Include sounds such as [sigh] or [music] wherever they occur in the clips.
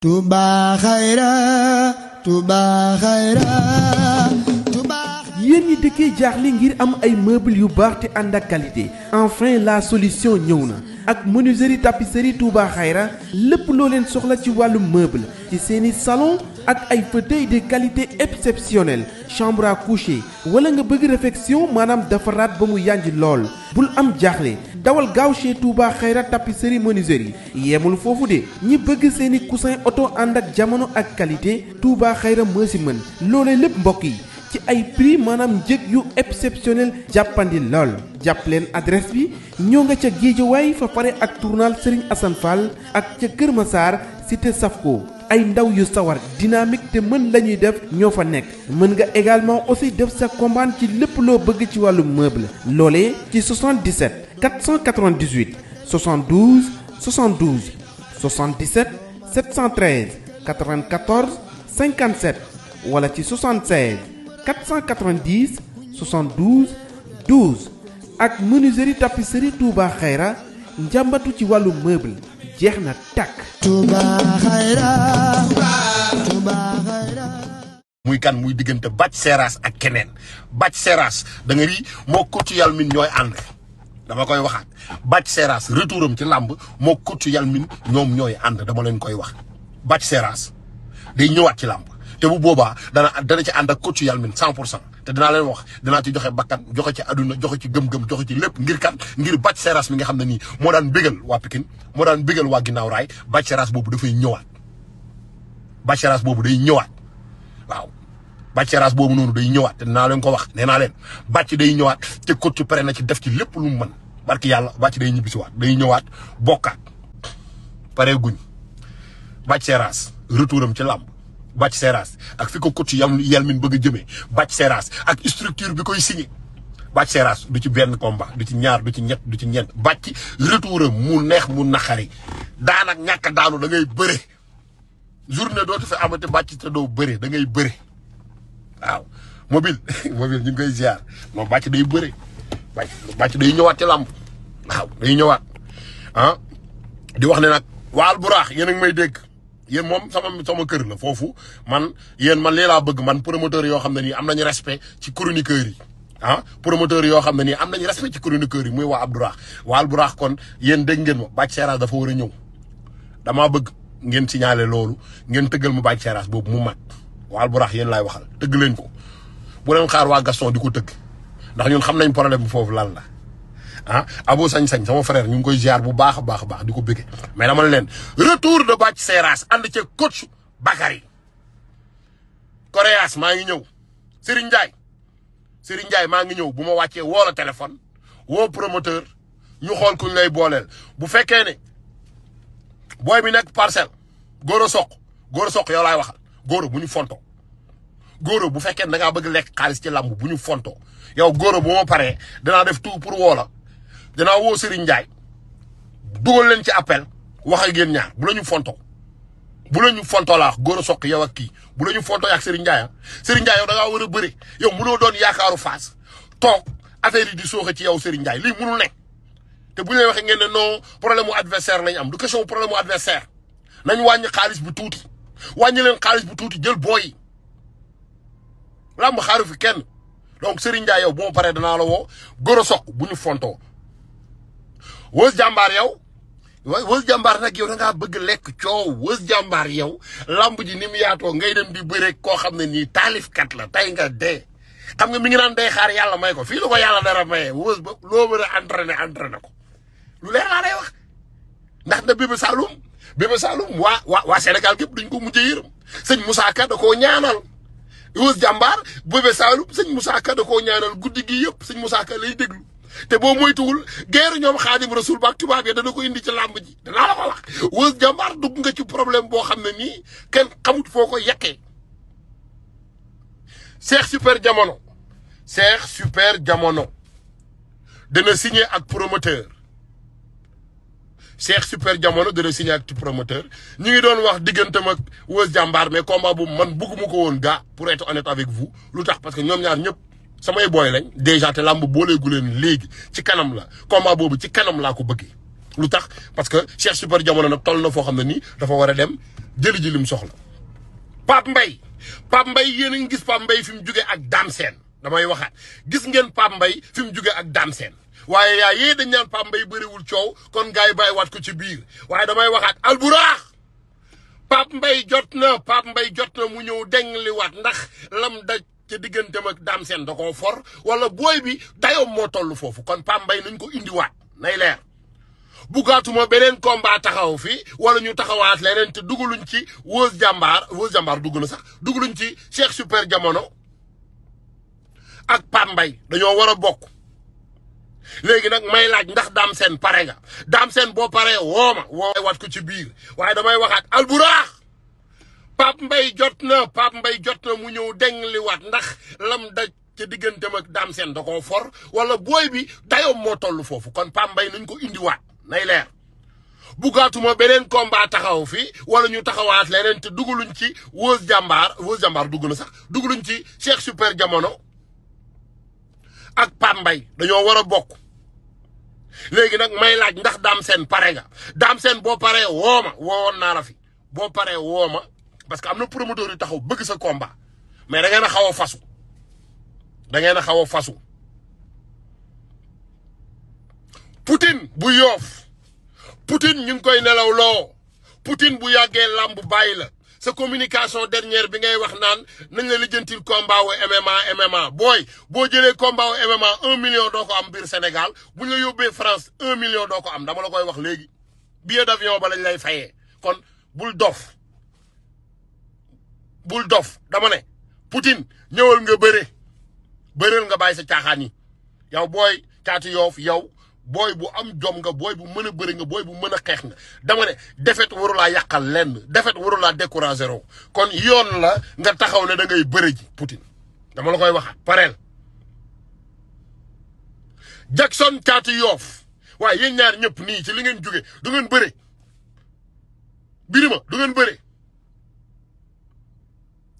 Touba Khayra Touba Khayra yéen ñi dëkkee jaaxle ngir am ay meubles yu baax te ànd ak qualité enfin la solution ñëw na ak menuiserie tapisserie Touba Khayra lépp loo leen soxla ci wàllu meuble ci seeni salon ak ay fauteuil de qualité exceptionnelle chambre à coucher wala nga bëgg réfection maanaam defaraat ba mu yànj lool bul am jaaxle dawal gaaw chez Touba Xayra tapisserie menuiserie yemul foofu de ñi bëgg seeni coussin oto ànd ak jamono ak qualité Touba Xayra moo si mën loolee lépp mbokk yi ci ay prix maanaam njëg yu exceptionnel jàppandi lool jàpp leen adresse bi ñoo nga ca Géejawaay fa pare ak tournal Serigne Assane Fall ak ca Kër Massar saf ko ay ndaw yu sawar dynamique te mën lañuy def ñoo fa nekk mën nga également aussi def sa commande ci lépp loo bëgg ci wàllu meuble loole ci 77 498 72 72 77 713 94 57 wala ci 76 490 72 12 ak menuiserie tapisserie Touba Xayra njàmbatu ci wàllu meuble jeex na tàkk. Touba Khayra Touba Khayra. muy kan muy diggante Bac Seras ak keneen Bac Seras da nga ri moo coach yal min ñooy ànd dama koy waxaat Bac Seras retouram ci làmb moo coach yal min ñoom ñooy ànd dama leen koy wax. Bac Seras day ñëwaat ci làmb te bu boobaa dana dana ci ànd ak coach yal min 100 pour cent te danaa leen wax danaa ci joxe bakkan joxe ci àdduna joxe ci gëm-gëm joxe ci lépp ngir kan ngir Bathie Seras mi nga xam ne nii moo daan bégal waa moo daan bégal waa ginnaaw raay Bathie boobu dafay ñëwaat Bathie Seras boobu day ñëwaat waaw Bathie boobu noonu day ñëwaat te danaa leen ko wax nee naa leen Bathie day ñëwaat te coach i pare na ci def ci lépp lu mu mën barki yàlla Bathie day ñibbisiwaat day ñëwaat bokkaat pare guñ Bathie Seras retouram ci làmb Bathie Seras ak fi ko coach Yalmin bëgg a jëmee Bathie Seras ak structure bi koy signé Bathie Seras du ci benn combat du ci ñaar du ci ñett du ci ñeent Bathie mu neex mu naxari daanak ñàkk daanu da ngay bëre journée dootu fi amati Bathie te doo bëre da ngay bëre waaw mobile [laughs] mobile ñu ngi koy moo moom Bathie day bëre Bathie day ñëwaat ci làmb waaw day ñëwaat ah di wax ne nag waal bu raax yéen a ngi may dégg yéen moom sama sama kër la foofu man yen man lii laa bëgg man promoteur yoo xam ne nii am nañu respect ci chroniqueurs yi a ah, promoteur yoo xam ne ni am nañu respect ci chroniqueurs yi muy waa Abdourah waa Abdourah kon yéen dégg ngeen ma Bathie dafa war a ñëw damaa bëgg ngeen signalé loolu ngeen tëggal mu Bathie Seras boobu mu mag waa Abdourah yéen laay waxal tëgg leen ko bu leen xaar waa Gaston di ko tëgg ndax ñun xam nañ problème bi foofu lan la ah Abo sañ-sañ sama frère ñu ngi koy ziar bu baax a baax baax di ko bëggee mais dama leen retour de Bathie Seras ànd ci coach Bakary Koréas maa ngi ñëw Serigne Ndiaye Serigne Ndiaye maa ngi ñëw bu ma wàccee woo la téléphone woo promoteur ñu xool ku lay booleel bu fekkee ne booy bi nekk parcelle góor a soq góor a soq yow laay waxal góor bu ñu fonto góor bu fekkee ne da ngaa bëgg lekk xaalis ci làmb bu ñu fonto yow góor bu ma paree danaa def tout pour woo dinaa woo Serigne Ndiaye dugal leen ci appel wax ak yéen ñaar bu la ñu fonto bu la ñu fonto laa wax góor a soq yow ak kii bu la ñu fonto ak Serigne Ndiaye ah Serigne Ndiaye yow da ngaa war a bëre yow mënoo doon yaakaaru faas to affaire yi di sooxe ci yow Serigne Ndiaye lii mënul nekk te bu ñu lay waxee ngeen ne non problème mu adversaire lañ am du question problème mu adversaire nañ wàññi xaalis bu tuuti wàññi leen xaalis bu tuuti jël booy yi làmb xaaru fi kenn donc Serigne Ndiaye yow bu ma paree danaa la woo góor a soq bu ñu fontoo wës jàmbaar yow wës jàmbaar nag yow da ngaa bëgg lekk coow wës jàmbaar yow lamb ji ni mu yaatoo ngay dem di bëre koo xam ne nii taalifkat la tey nga dee xam nga mi ngi naan day xaar yàlla may ko fii la ko yàlla dara maye woos ba loo mën a entraîné entraîné ko lu leer laa lay wax ndax na Bébé Saloum Bébé Saloum waa waa waa Sénégal duñ ko mujjee yërëm sëñ Moussa Ka da koo ñaanal wës jàmbaar Bébé Saloum sëñ Moussa Ka da koo ñaanal guddi gi yëpp sëñ Moussa Ka lay déglu te boo moytuwul geeru ñoom xaadim rasul baak tubaab yi dana ko indi ci làmb ji danaa la ko wax Weuz Jàmbaar dugg nga ci problème boo xam ne nii kenn xamut foo ko yekkee Cheikh Super Jamono Cheikh Super Jamono dana signé ak promoteur Cheikh Super Jamono dana signé ak promoteur ñu ngi doon wax digganteem ak Weuz Jàmbaar mais combat bu man mu ko woon gaa pour être honnête avec vous lu tax parce que ñoom ñaar ñëpp samay booy lañ déjà te làmb booleegu leen léegi ci kanam la combat boobu ci kanam laa ko bëggee lu tax parce que Cheikh Super Jamono nag toll na foo xam ne nii dafa war a dem jëli ji mu soxla Pape mbay Pape mbay yéen a ngi gis Pape mbay fi mu jugee ak Dame Sène damay waxaat gis ngeen Pape mbay fi mu jugee ak Dame Sène waaye yaa yee dañ naan Pape Mbaye bëriwul coow kon gars yi waat ko ci biir waaye damay waxaat alburaax Pape mbay jot na Pape mbay jot na mu ñëw dengliwaat ndax lam daj ca diggante ak Dame Sène da for wala booy bi dayoom moo toll foofu kon pambay Mbaye ko indiwaat nay leer bugaatuma beneen combat taxaw fi wala ñu taxawaat leneen te dugaluñ ci Wos Jàmbaar Wos Jàmbaar dugg na sax dugaluñ ci Cheikh Super Jamono ak Pape dañoo war a bokk léegi nag may laaj ndax Dame Sène pare nga Dame boo paree woo woo wat ko ci biir waaye damay waxaat alburaax Pape mbay jot na Pape mbay jot na mu ñëw dengliwaat ndax lam da ca digganteem ak Dame Sène da koo for wala booy bi dayoom moo toll foofu kon Pape Mbaye nañ ko indiwaat nay leer bugaatuma beneen combat taxaw fi wala ñu taxawaat leneen te dugaluñ ci Wos Jàmbaar Wos Jàmbaar dugg na sax dugaluñ ci Cheikh Super Jamono ak Pape Mbaye dañoo war a bokk léegi nag may laaj ndax Dame Sène pare nga Dame Sène boo paree wooma woowoon naa fi boo paree wooma parce que am na promoteur yu taxaw bëgg sa combat mais da na a xaw a fasu da ngeen a xaw a fasu Poutine bu yoof Poutine ñu ngi koy nelaw loo Poutine bu yàggee làmb bàyyi la sa communication dernière bi ngay wax naan nañ la lijjantil combat wu MMA MMA booy boo jëlee combat wu MMA un million doo ko am biir Sénégal bu ñu la France un million doo ko am dama la koy wax léegi billet d'avion ba lañ lay fayee kon bul dof bul dof damane ne ñëwal nga bëre bëreel nga bàyyi sa caaxaan yi yow booy caatu yoof yow booy bu am jom nga booy bu mën a bëri nga booy bu mën a xeex nga dama ne defet warulaa yàqal lenn defet warulaa découragé raw kon yoon la nga taxaw na da ngay bëre ji Poutine dama la koy wax pareel Jackson caatu yoof waaye yéen ñaar ñëpp nii ci li ngeen jóge du ngeen bëre birima du ngeen bëre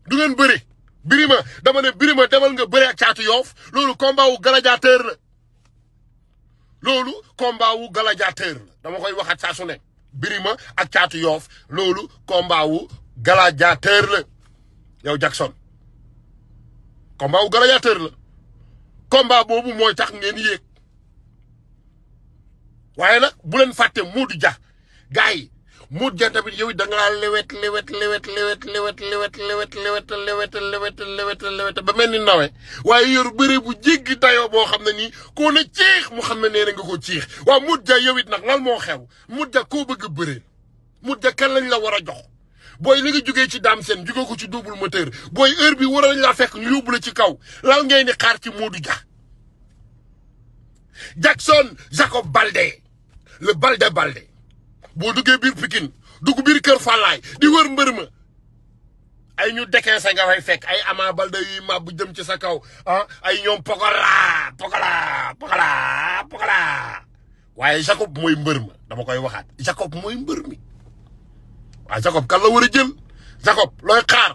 du ngeen bëri Birima dama ne Birima demal nga bëri ak caatu yoof loolu combat wu gladiateur la loolu combat wu gladiateur dama koy waxaat saa su ne Birima ak caatu yoof loolu combat wu gladiateur la yow Jackson combat wu gladiateur la combat boobu mooy tax ngeen yéeg waaye nag bu leen fàtte Modou Dia gars muut ja tamit yow da ngaa lewet lewet lewet lewet lewet lewet lewet lewet lewet lewet lewet lewet ba mel ni nawe waaye yor bëre bu jéggi dayoo boo xam ne nii koo ne ciix mu xam ne nee na nga ko ciix waaw muut ja yow it nag lan moo xew muut ja koo bëgg bëree muut ja kan lañ la war a jox booy li jógee ci daam seen jóge ko ci double moteur booy heure bi war lañ laa fekk ñu yóbbu la ci kaw law ngay di xaar ci Modou Dia Jackson Jacob Baldé le Baldé Baldé boo duggee biir Pikine dugg biir Kër Fallaay di wër mbër ma ay ñu dekkee sa nga fay fekk ay Ama Baldé yuy màbb jëm ci sa kaw ah, ay ñoom pokala pokala pokala pokala waaye Jacob mbër ma dama koy waxaat Jacob mooy mbër mi waaw Jacob kan la a jël Jacob looy xaar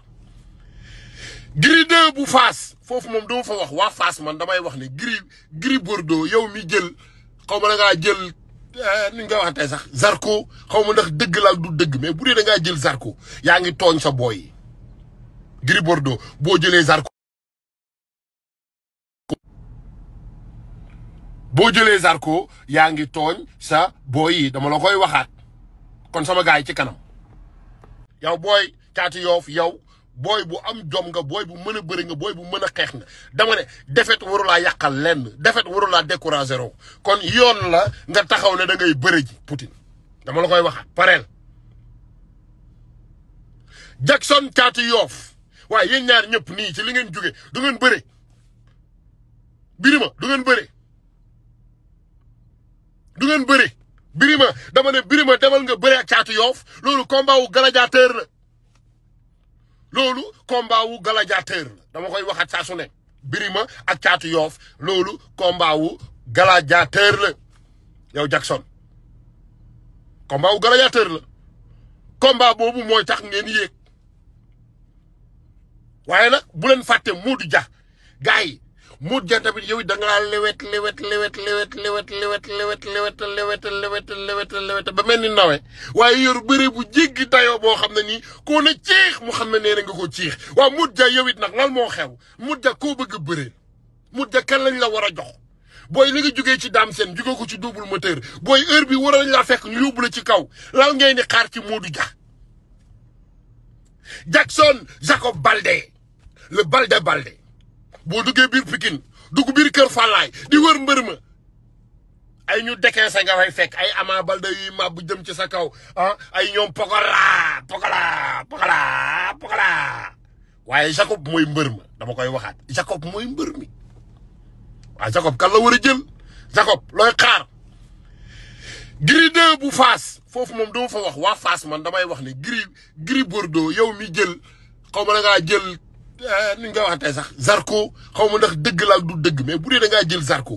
Gris 2 bu Fass foofu moom dama fa wax waa Fass man damay wax ne Gris Gris Bordeaux yow mi jël xaw ma na jël Eh, ni ñu koy waxatee sax sarko xaw ma ndax dëgg la du dëgg mais bu dee da ngaa jël sarko yaa ngi tooñ sa booy yi. Gris Bordeaux boo jëlee Zarko. boo jëlee Zarko yaa ngi tooñ sa booy dama la koy waxaat kon sama gaay ci kanam. yow booy caatu yoof yow booy bu am jom nga booy bu mën a bëri nga booy bu mën a xeex na dama ne defet warulaa yàqal lenn defet warulaa découragé raw kon yoon la nga taxaw ne da ngay bëri ji Poutine dama la koy wax pareel Jackson caati yoof waaye yéen ñaar ñëpp nii ci li ngeen jóge du ngeen bëre birima du ngeen bëre du ngeen bëre birima dama ne birima demal nga bëre ak caati yoof loolu ko wu gladiateur la loolu combat wu gladiateur dama koy waxaat saa su ne Birima ak caatu yoof loolu combat wu gladiateur la yow jakson combat wu gladiateur la combat boobu mooy tax ngeen yéeg waaye nag bu leen fàtte Modou Dia gars Modou Dia tamit yow da ngaa lewet lewet lewet lewet lewet lewet lewet lewet lewet lewet lewet lewet ba mel ni nawe waaye yor bëre bu jéggi dayoo boo xam ne nii koo na ciix mu xam ne nee na nga ko ciix waaw Modou Dia yow it nag lan moo xew Modou Dia koo bëgg a bëree Modou Dia kan lañ la war a jox booy li jógee ci daam seen jóge ko ci double moteur booy heure bi war nañ laa fekk ñu yóbbu la ci kaw lan ngay ni xaar ci mu du Jackson Jacob Baldé le Baldé boo duggee biir Pikine dugg biir Kër Fallaay di wër mbër ma ay ñu dekkee sa nga fay fekk ay Ama Baldé yuy màbb jëm ci sa kaw ah ay ñoom Pokola Pokola Pokola Pokola waaye Jacob mooy mbër ma dama koy waxaat Jacob moy mbër mi waaw Jacob kan la a jël Jacob looy xaar Gris 2 bu Faas foofu moom dama fa wax waa Faas man damay wax ne Gris Gris Bordeaux yow mi jël xaw ma na ngaa jël Eh, ni nga koy waxatee sax Zarko xaw ma ndax dëgg la ak dëgg mais bu dee da ngaa jël Zarko.